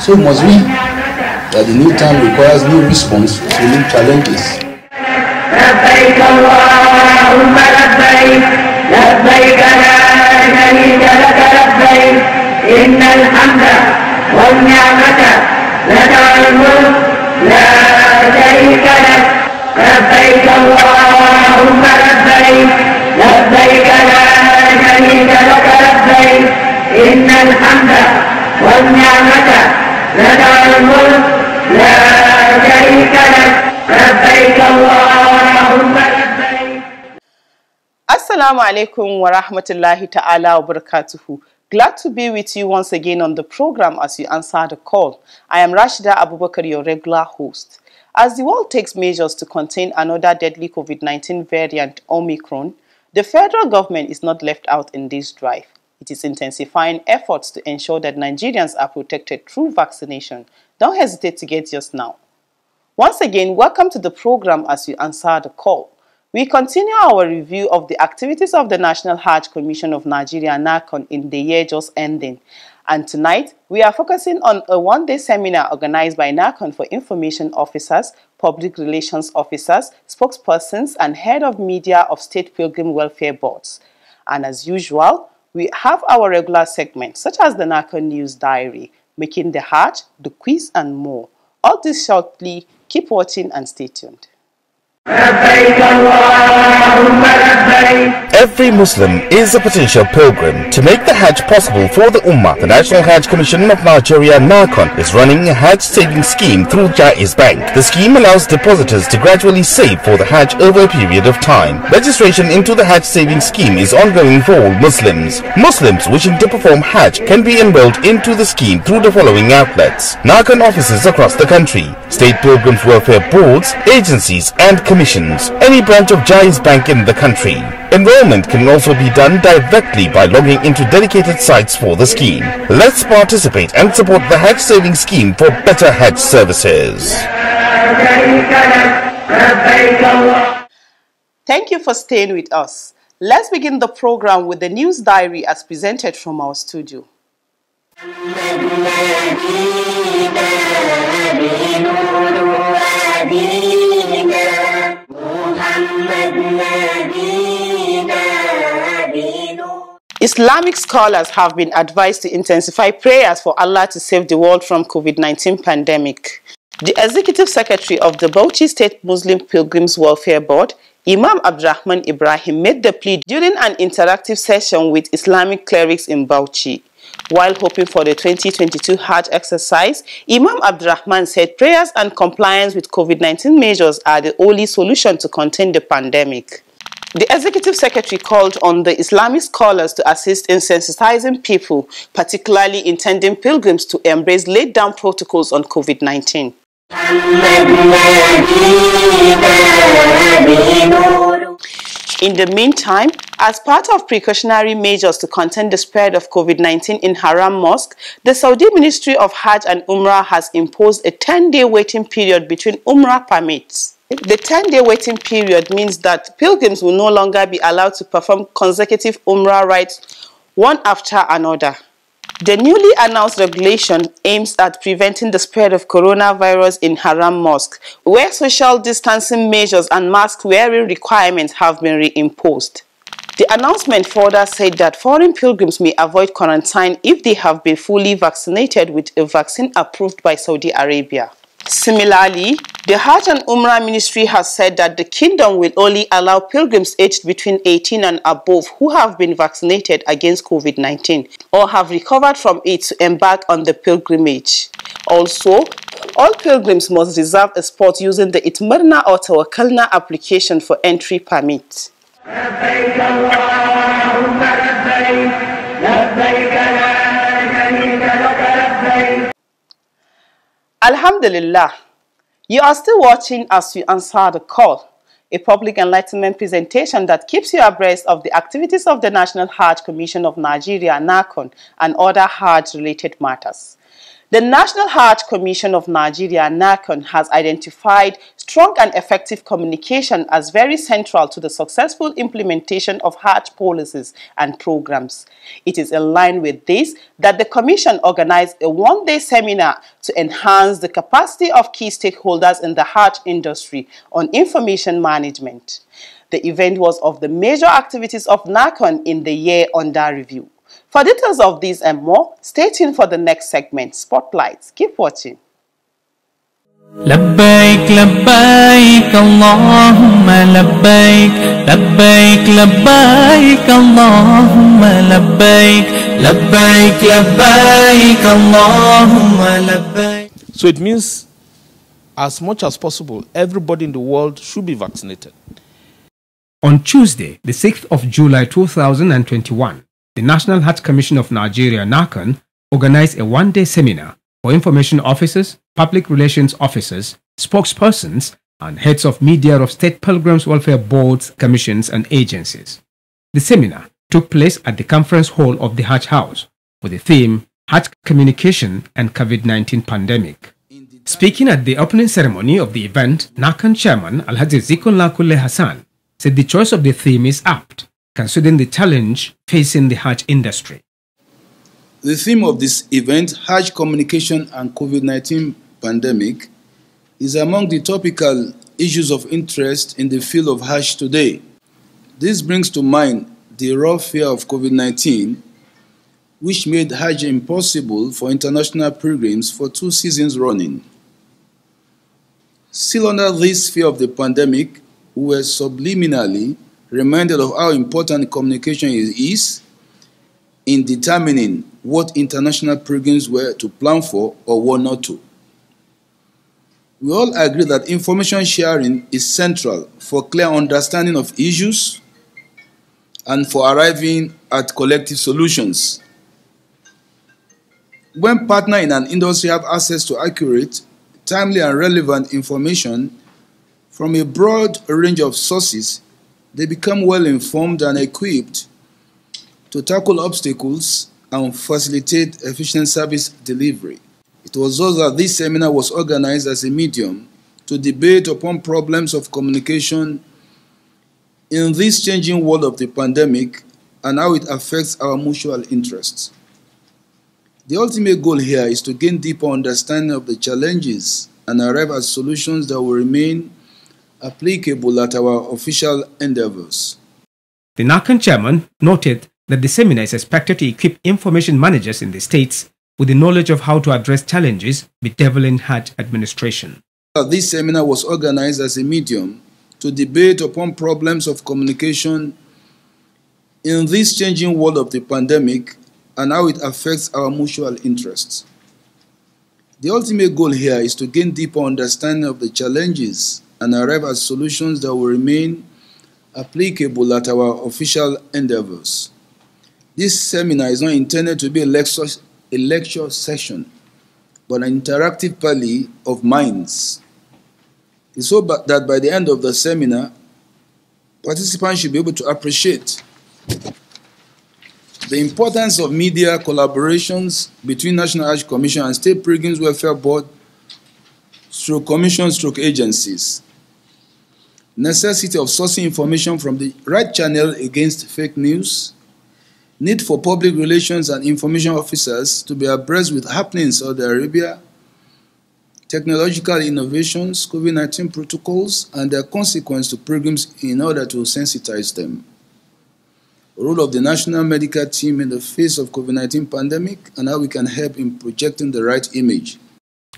So must we that the new time requires new response to new challenges. لك Assalamu alaikum wa rahmatullahi ta'ala wa barakatuhu. Glad to be with you once again on the program as you answer the call. I am Rashida Abubakar, your regular host. As the world takes measures to contain another deadly COVID 19 variant, Omicron, the federal government is not left out in this drive. It is intensifying efforts to ensure that Nigerians are protected through vaccination. Don't hesitate to get yours now. Once again, welcome to the program as you answer the call. We continue our review of the activities of the National Hajj Commission of Nigeria, NACON, in the year just ending. And tonight, we are focusing on a one-day seminar organized by NACON for information officers, public relations officers, spokespersons, and head of media of state pilgrim welfare boards. And as usual, we have our regular segments such as the NACO News Diary, Making the Heart, The Quiz and more. All this shortly. Keep watching and stay tuned every Muslim is a potential pilgrim. To make the Hajj possible for the Ummah, the National Hajj Commission of Nigeria, NARCON, is running a Hajj saving scheme through Jaiz Bank. The scheme allows depositors to gradually save for the Hajj over a period of time. Registration into the Hajj saving scheme is ongoing for all Muslims. Muslims wishing to perform Hajj can be enrolled into the scheme through the following outlets. NARCON offices across the country, state pilgrims welfare boards, agencies and commissions, any branch of Jaiz Bank in the country. Enrollment can also be done directly by logging into dedicated sites for the scheme. Let's participate and support the Hatch Saving Scheme for better Hatch services. Thank you for staying with us. Let's begin the program with the news diary as presented from our studio. Islamic scholars have been advised to intensify prayers for Allah to save the world from COVID-19 pandemic. The Executive Secretary of the Bauchi State Muslim Pilgrims Welfare Board, Imam Abdurrahman Ibrahim made the plea during an interactive session with Islamic clerics in Bauchi. While hoping for the 2022 Hajj exercise, Imam Abdurrahman said prayers and compliance with COVID-19 measures are the only solution to contain the pandemic. The executive secretary called on the Islamic scholars to assist in sensitizing people, particularly intending pilgrims to embrace laid down protocols on COVID 19. In the meantime, as part of precautionary measures to contain the spread of COVID-19 in Haram Mosque, the Saudi Ministry of Hajj and Umrah has imposed a 10-day waiting period between Umrah permits. The 10-day waiting period means that pilgrims will no longer be allowed to perform consecutive Umrah rites one after another. The newly announced regulation aims at preventing the spread of coronavirus in Haram Mosque, where social distancing measures and mask-wearing requirements have been reimposed. The announcement further said that foreign pilgrims may avoid quarantine if they have been fully vaccinated with a vaccine approved by Saudi Arabia. Similarly, the Hajj and Umrah Ministry has said that the kingdom will only allow pilgrims aged between 18 and above who have been vaccinated against COVID-19 or have recovered from it to embark on the pilgrimage. Also, all pilgrims must reserve a spot using the Itmarna or Tawakalna application for entry permit. Alhamdulillah, you are still watching as you answer the call, a public enlightenment presentation that keeps you abreast of the activities of the National Hajj Commission of Nigeria, NACON, and other Hajj-related matters. The National Heart Commission of Nigeria, NACON, has identified strong and effective communication as very central to the successful implementation of heart policies and programs. It is in line with this that the Commission organized a one-day seminar to enhance the capacity of key stakeholders in the heart industry on information management. The event was of the major activities of NACON in the year under review. For details of these and more, stay tuned for the next segment, Spotlight. Keep watching. لبيك لبيك اللهم لبيك لبيك لبيك اللهم لبيك لبيك لبيك اللهم لبيك So it means as much as possible everybody in the world should be vaccinated. On Tuesday, the 6th of July 2021, the National Health Commission of Nigeria, NACON, organized a one-day seminar for information officers, public relations officers, spokespersons, and heads of media of state pilgrims welfare boards, commissions, and agencies. The seminar took place at the conference hall of the Hajj House with the theme Hajj Communication and COVID-19 Pandemic. Speaking at the opening ceremony of the event, NACAN chairman Alhaji Zikon Lakule Hassan said the choice of the theme is apt considering the challenge facing the Hajj industry. The theme of this event, Hajj Communication and COVID 19 Pandemic, is among the topical issues of interest in the field of Hajj today. This brings to mind the raw fear of COVID 19, which made Hajj impossible for international pilgrims for two seasons running. Still, under this fear of the pandemic, we were subliminally reminded of how important communication is in determining what international programs were to plan for or were not to. We all agree that information sharing is central for clear understanding of issues and for arriving at collective solutions. When partners in an industry have access to accurate, timely, and relevant information from a broad range of sources, they become well informed and equipped to tackle obstacles and facilitate efficient service delivery. It was thus that this seminar was organized as a medium to debate upon problems of communication in this changing world of the pandemic and how it affects our mutual interests. The ultimate goal here is to gain deeper understanding of the challenges and arrive at solutions that will remain applicable at our official endeavors. The NACAN chairman noted that the seminar is expected to equip information managers in the states with the knowledge of how to address challenges bedeviling hard administration. Uh, this seminar was organized as a medium to debate upon problems of communication in this changing world of the pandemic and how it affects our mutual interests. The ultimate goal here is to gain deeper understanding of the challenges and arrive at solutions that will remain applicable at our official endeavors. This seminar is not intended to be a lecture, a lecture session, but an interactive rally of minds. It's so that by the end of the seminar, participants should be able to appreciate the importance of media collaborations between National Arts Commission and State Pilgrims Welfare Board through commission stroke agencies necessity of sourcing information from the right channel against fake news, need for public relations and information officers to be abreast with happenings in Saudi Arabia, technological innovations, COVID 19 protocols, and their consequence to programs, in order to sensitize them. Role of the national medical team in the face of COVID 19 pandemic and how we can help in projecting the right image.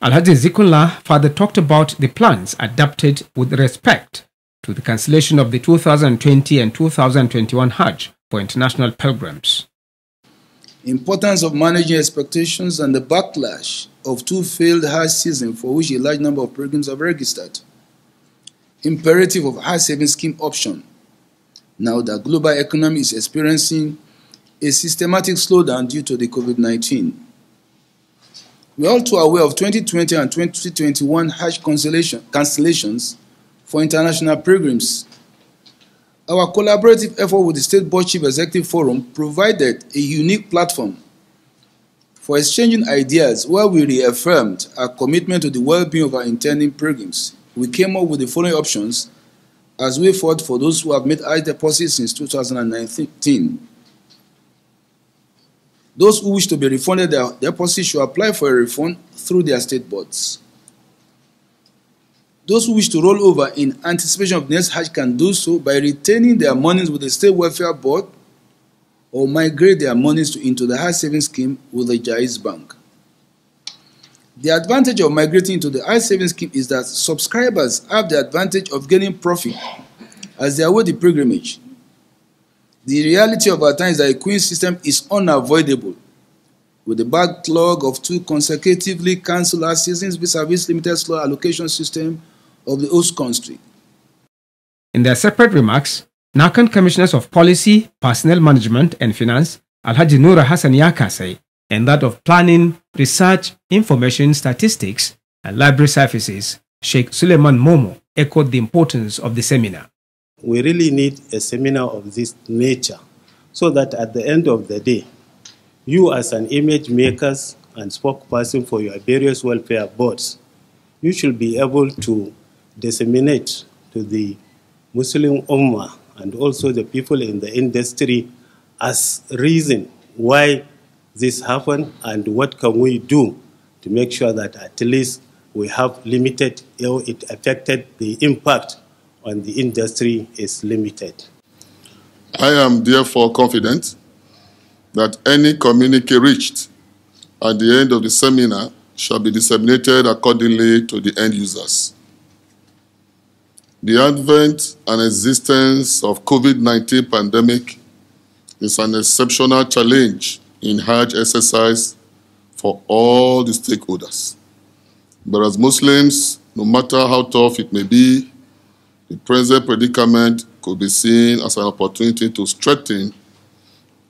Alhaji Zikullah further talked about the plans adapted with respect to the cancellation of the 2020 and 2021 Hajj for international pilgrims. Importance of managing expectations and the backlash of two failed Hajj seasons for which a large number of pilgrims have registered. Imperative of Hajj saving scheme option. Now that global economy is experiencing a systematic slowdown due to the COVID-19. We are all too aware of 2020 and 2021 Hajj cancellation, cancellations for international pilgrims. Our collaborative effort with the State Board Chief Executive Forum provided a unique platform for exchanging ideas where we reaffirmed our commitment to the well being of our intending pilgrims. We came up with the following options as we fought for those who have made high deposits since 2019. Those who wish to be refunded their deposits should apply for a refund through their state boards. Those who wish to roll over in anticipation of next Hajj can do so by retaining their monies with the State Welfare Board or migrate their monies to, into the High Savings Scheme with the Jai's Bank. The advantage of migrating to the High Savings Scheme is that subscribers have the advantage of gaining profit as they await the pilgrimage. The reality of our time is that a queen system is unavoidable. With the backlog of two consecutively cancelled seasons vis-a-vis limited slow allocation system of the host country. In their separate remarks, NACAN Commissioners of Policy, Personnel Management and Finance, Alhaji Noura Hassan Yakase, and that of Planning, Research, Information, Statistics and Library Services, Sheikh Suleiman Momo echoed the importance of the seminar. We really need a seminar of this nature so that at the end of the day, you as an image makers and spokesperson for your various welfare boards, you should be able to disseminate to the Muslim Ummah and also the people in the industry as reason why this happened and what can we do to make sure that at least we have limited, how it affected the impact on the industry is limited. I am therefore confident that any communique reached at the end of the seminar shall be disseminated accordingly to the end users. The advent and existence of COVID-19 pandemic is an exceptional challenge in Hajj exercise for all the stakeholders. But as Muslims, no matter how tough it may be, the present predicament could be seen as an opportunity to strengthen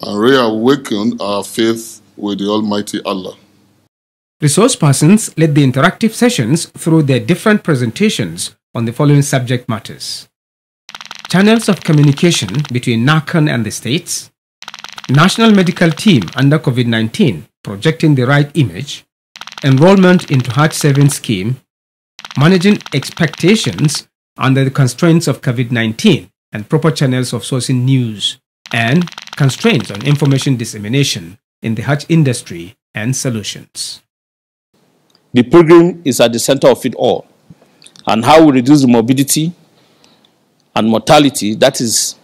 and reawaken our faith with the Almighty Allah. Resource persons led the interactive sessions through their different presentations on the following subject matters channels of communication between NACAN and the states, national medical team under COVID 19 projecting the right image, enrollment into heart saving scheme, managing expectations under the constraints of COVID 19 and proper channels of sourcing news, and constraints on information dissemination in the heart industry and solutions. The program is at the center of it all and how we reduce the morbidity and mortality, that is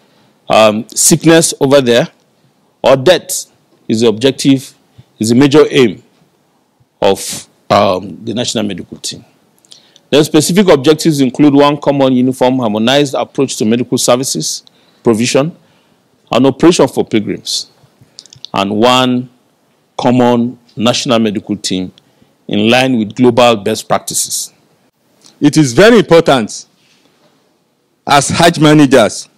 um, sickness over there, or death is the objective, is the major aim of um, the national medical team. The specific objectives include one common uniform harmonized approach to medical services provision, an operation for pilgrims, and one common national medical team in line with global best practices. It is very important as Hajj managers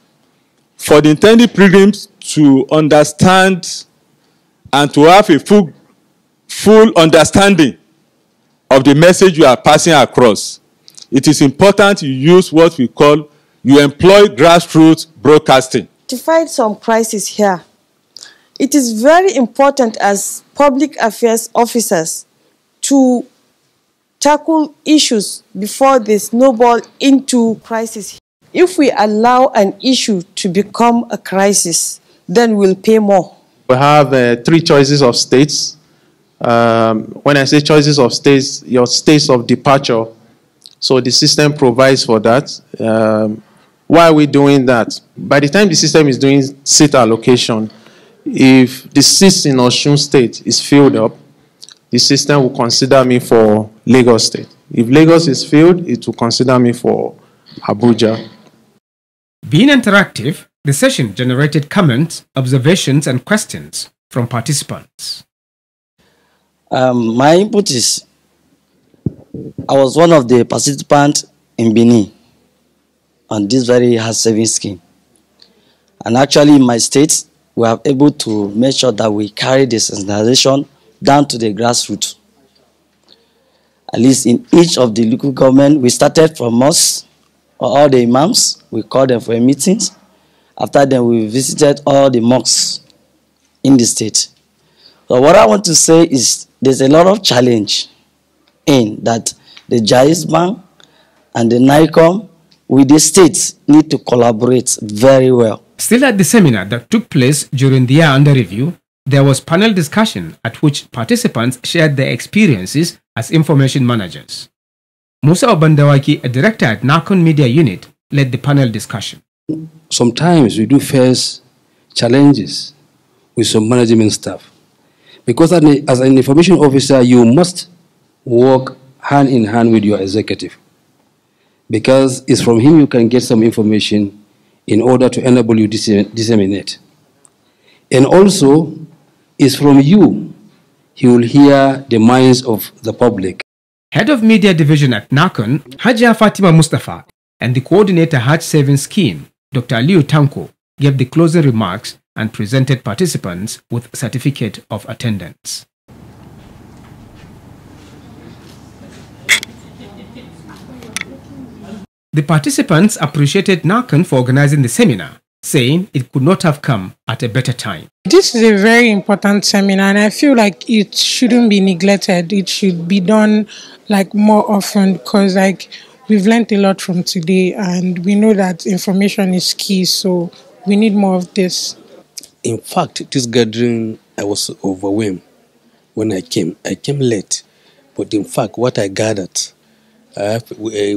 for the intended pilgrims to understand and to have a full, full understanding of the message you are passing across. It is important you use what we call you employ grassroots broadcasting. To fight some crisis here, it is very important as public affairs officers to tackle issues before they snowball into crisis. If we allow an issue to become a crisis, then we'll pay more. We have uh, three choices of states. Um, when I say choices of states, your states of departure. So the system provides for that. Um, why are we doing that? By the time the system is doing seat allocation, if the seat in Oshun State is filled up, the system will consider me for Lagos State. If Lagos is failed, it will consider me for Abuja. Being interactive, the session generated comments, observations, and questions from participants. Um, my input is I was one of the participants in Benin on this very hard saving scheme. And actually, in my state, we are able to make sure that we carry this sensitization down to the grassroots at least in each of the local government. We started from us, all the imams, we called them for meetings. After then, we visited all the mosques in the state. So what I want to say is there's a lot of challenge in that the Jais Bank and the NICOM with the states need to collaborate very well. Still at the seminar that took place during the year under review, there was panel discussion at which participants shared their experiences as information managers. Musa Obandawaki, a director at Nakon Media Unit, led the panel discussion. Sometimes we do face challenges with some management staff because as an information officer, you must work hand in hand with your executive because it's from him you can get some information in order to enable you disseminate. And also, it's from you he will hear the minds of the public. Head of Media Division at NACON, Hajia Fatima Mustafa, and the coordinator Hajj Savings Scheme, Dr. Liu Tanko, gave the closing remarks and presented participants with certificate of attendance. The participants appreciated NACON for organizing the seminar saying it could not have come at a better time. This is a very important seminar, and I feel like it shouldn't be neglected. It should be done like more often because, like, we've learned a lot from today, and we know that information is key, so we need more of this. In fact, this gathering, I was overwhelmed when I came. I came late, but in fact, what I gathered, I have eh,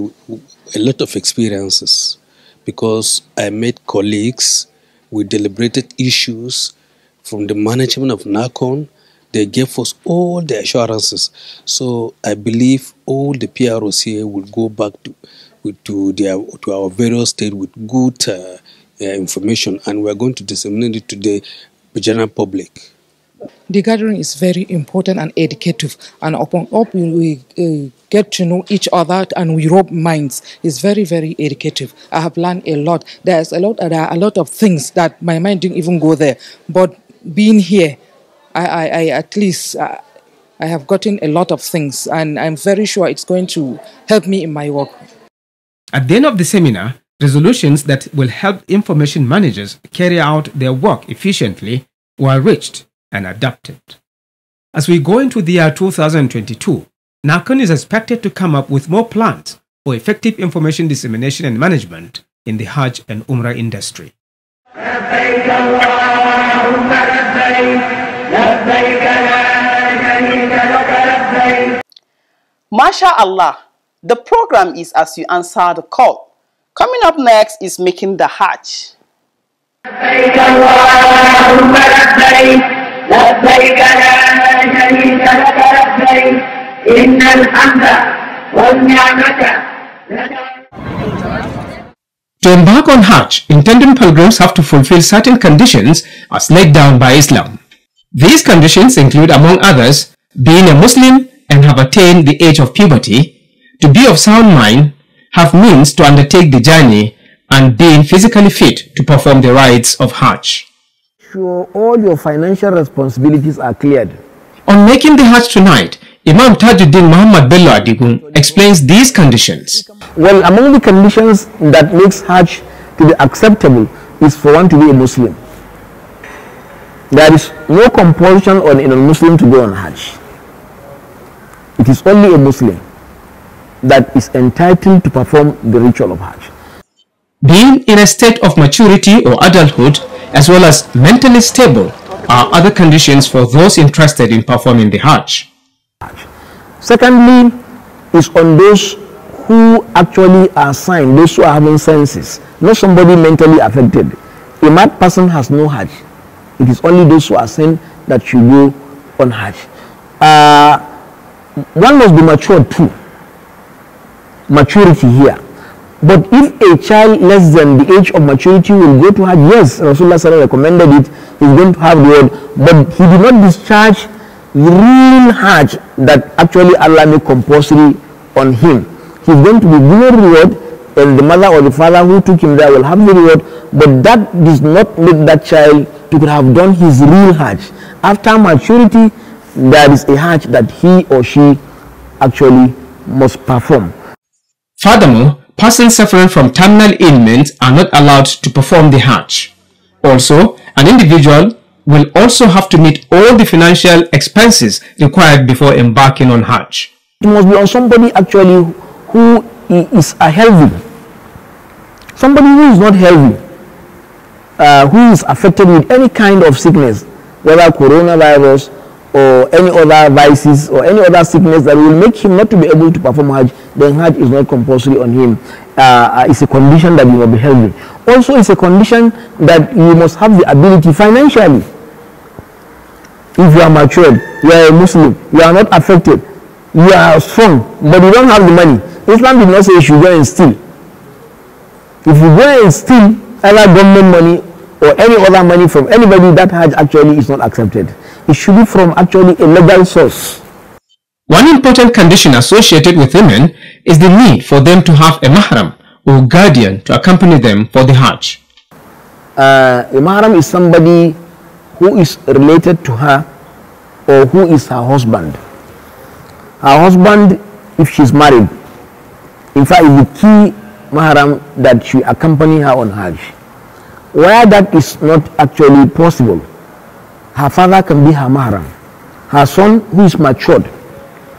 a lot of experiences because I met colleagues. We deliberated issues from the management of NACON. They gave us all the assurances. So I believe all the PROs here will go back to to their to our various state with good uh, uh, information, and we are going to disseminate it to the general public. The gathering is very important and educative, and upon up we. Uh, get to know each other and we rob minds. It's very, very educative. I have learned a lot. There's a lot, there are a lot of things that my mind didn't even go there. But being here, I, I, I at least uh, I have gotten a lot of things, and I'm very sure it's going to help me in my work. At the end of the seminar, resolutions that will help information managers carry out their work efficiently were reached and adopted. As we go into the year 2022, NACON is expected to come up with more plans for effective information dissemination and management in the Hajj and Umrah industry. Masha Allah, the program is as you answer the call. Coming up next is Making the Hajj. إن الحمد والنعمة To embark on Hajj, intending pilgrims have to fulfill certain conditions as laid down by Islam. These conditions include, among others, being a Muslim and have attained the age of puberty, to be of sound mind, have means to undertake the journey, and being physically fit to perform the rites of Hajj. Sure, all your financial responsibilities are cleared. On making the Hajj tonight, Imam Tajuddin Muhammad Bello Adigun explains these conditions. Well, among the conditions that makes Hajj to be acceptable is for one to be a Muslim. There is no compulsion on a Muslim to go on Hajj. It is only a Muslim that is entitled to perform the ritual of Hajj. Being in a state of maturity or adulthood, as well as mentally stable, are other conditions for those interested in performing the Hajj. Secondly, is on those who actually are signed, those who are having senses, not somebody mentally affected. A mad person has no heart. It is only those who are sane that should go on Hajj. Uh, one must be matured too. Maturity here. But if a child less than the age of maturity will go to Hajj, yes, Rasulullah recommended it, he's going to have the word, but he did not discharge real Hajj that actually Allah made compulsory on him. He's going to be given reward and the mother or the father who took him there will have the reward, but that does not make that child to have done his real Hajj. After maturity, there is a Hajj that he or she actually must perform. Furthermore, persons suffering from terminal ailments are not allowed to perform the Hajj. Also, an individual will also have to meet all the financial expenses required before embarking on Hajj. It must be on somebody actually who is a healthy. Somebody who is not healthy, uh, who is affected with any kind of sickness, whether coronavirus or any other vices or any other sickness that will make him not to be able to perform Hajj, then Hajj is not compulsory on him. Uh, uh, is a condition that you must be healthy. Also, it's a condition that you must have the ability financially. If you are matured, you are a Muslim, you are not affected, you are strong, but you don't have the money. Islam did not say you should go and steal. If you go and steal either government money or any other money from anybody, that actually is not accepted. It should be from actually a legal source. One important condition associated with women is the need for them to have a mahram or guardian to accompany them for the Hajj. Uh, a mahram is somebody who is related to her or who is her husband. Her husband, if she's married, in fact, is the key mahram that she accompany her on Hajj. Where that is not actually possible, her father can be her mahram. Her son, who is matured,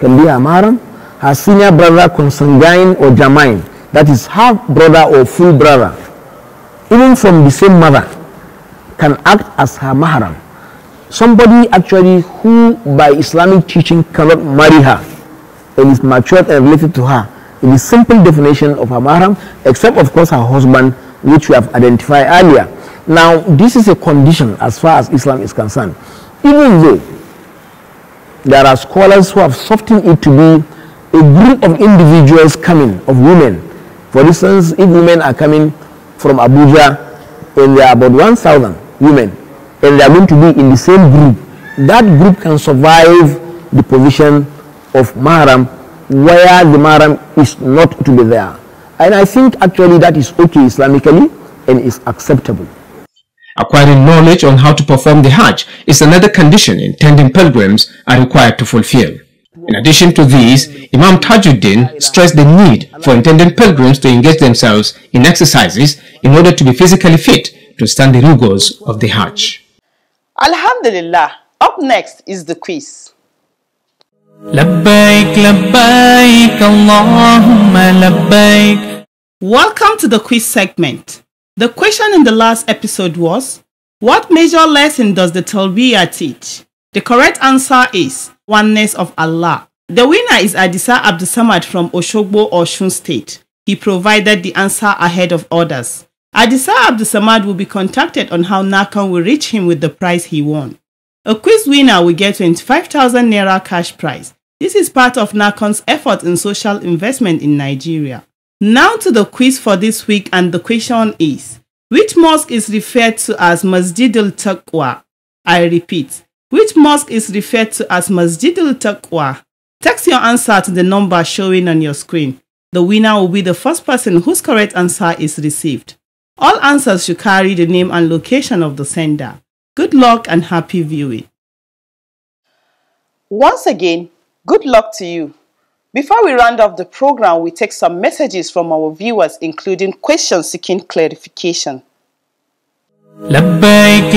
can be Amaran. Her senior brother consanguine or germane, that is half brother or full brother, even from the same mother, can act as her mahram. Somebody actually who by Islamic teaching cannot marry her and is matured and related to her in the simple definition of her mahram, except of course her husband, which we have identified earlier. Now, this is a condition as far as Islam is concerned. Even though there are scholars who have softened it to be a group of individuals coming, of women. For instance, if women are coming from Abuja and there are about 1,000 women and they are going to be in the same group, that group can survive the provision of mahram where the mahram is not to be there. And I think actually that is okay Islamically and is acceptable. Acquiring knowledge on how to perform the Hajj is another condition intending pilgrims are required to fulfill. In addition to these, Imam Tajuddin stressed the need for intending pilgrims to engage themselves in exercises in order to be physically fit to stand the rigors of the Hajj. Alhamdulillah, up next is the quiz. Labbaik, labbaik, Allahumma Welcome to the quiz segment. The question in the last episode was What major lesson does the Talbiyah teach? The correct answer is Oneness of Allah. The winner is Adisa Abdusamad from Oshogbo, Oshun State. He provided the answer ahead of others. Adisa Abdusamad will be contacted on how Nakan will reach him with the prize he won. A quiz winner will get 25,000 Naira cash prize. This is part of Nakon's effort in social investment in Nigeria. Now to the quiz for this week and the question is, which mosque is referred to as Masjid al-Taqwa? I repeat, which mosque is referred to as Masjid al-Taqwa? Text your answer to the number showing on your screen. The winner will be the first person whose correct answer is received. All answers should carry the name and location of the sender. Good luck and happy viewing. Once again, good luck to you. Before we round off the program, we take some messages from our viewers, including questions seeking clarification. لبيك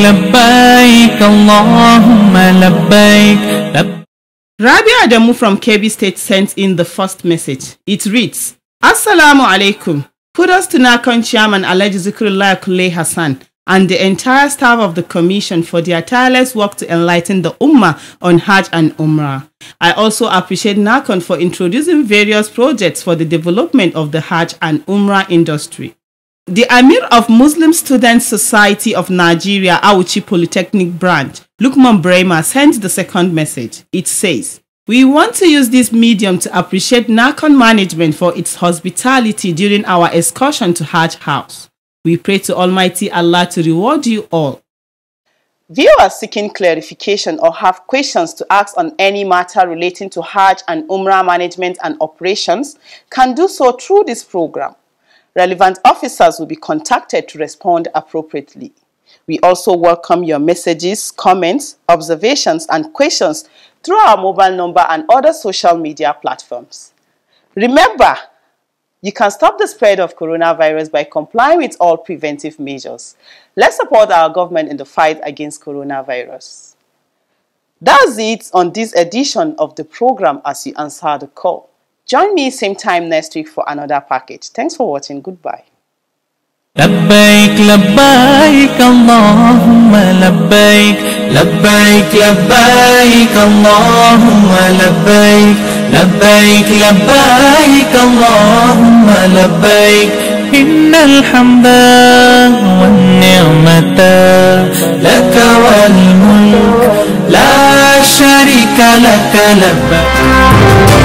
Rabia Adamu from KB State sent in the first message. It reads, Assalamu alaikum. Kudos to Nakan Chairman Alaji Zikrullah Kulei Hassan and the entire staff of the Commission for their tireless work to enlighten the Ummah on Hajj and Umrah. I also appreciate NACON for introducing various projects for the development of the Hajj and Umrah industry. The Amir of Muslim Students Society of Nigeria, Auchi Polytechnic Branch, Lukman Brema, sends the second message. It says, we want to use this medium to appreciate Nakon management for its hospitality during our excursion to Hajj House. We pray to Almighty Allah to reward you all. Viewers seeking clarification or have questions to ask on any matter relating to Hajj and Umrah management and operations can do so through this program. Relevant officers will be contacted to respond appropriately. We also welcome your messages, comments, observations, and questions through our mobile number and other social media platforms. Remember, you can stop the spread of coronavirus by complying with all preventive measures. Let's support our government in the fight against coronavirus. That's it on this edition of the program as you answer the call. Join me same time next week for another package. Thanks for watching. Goodbye. لبيك لبيك اللهم لبيك لبيك لبيك اللهم لبيك لبيك لبيك اللهم لبيك إن الحمد والنعمة لك والملك لا شريك لك لبيك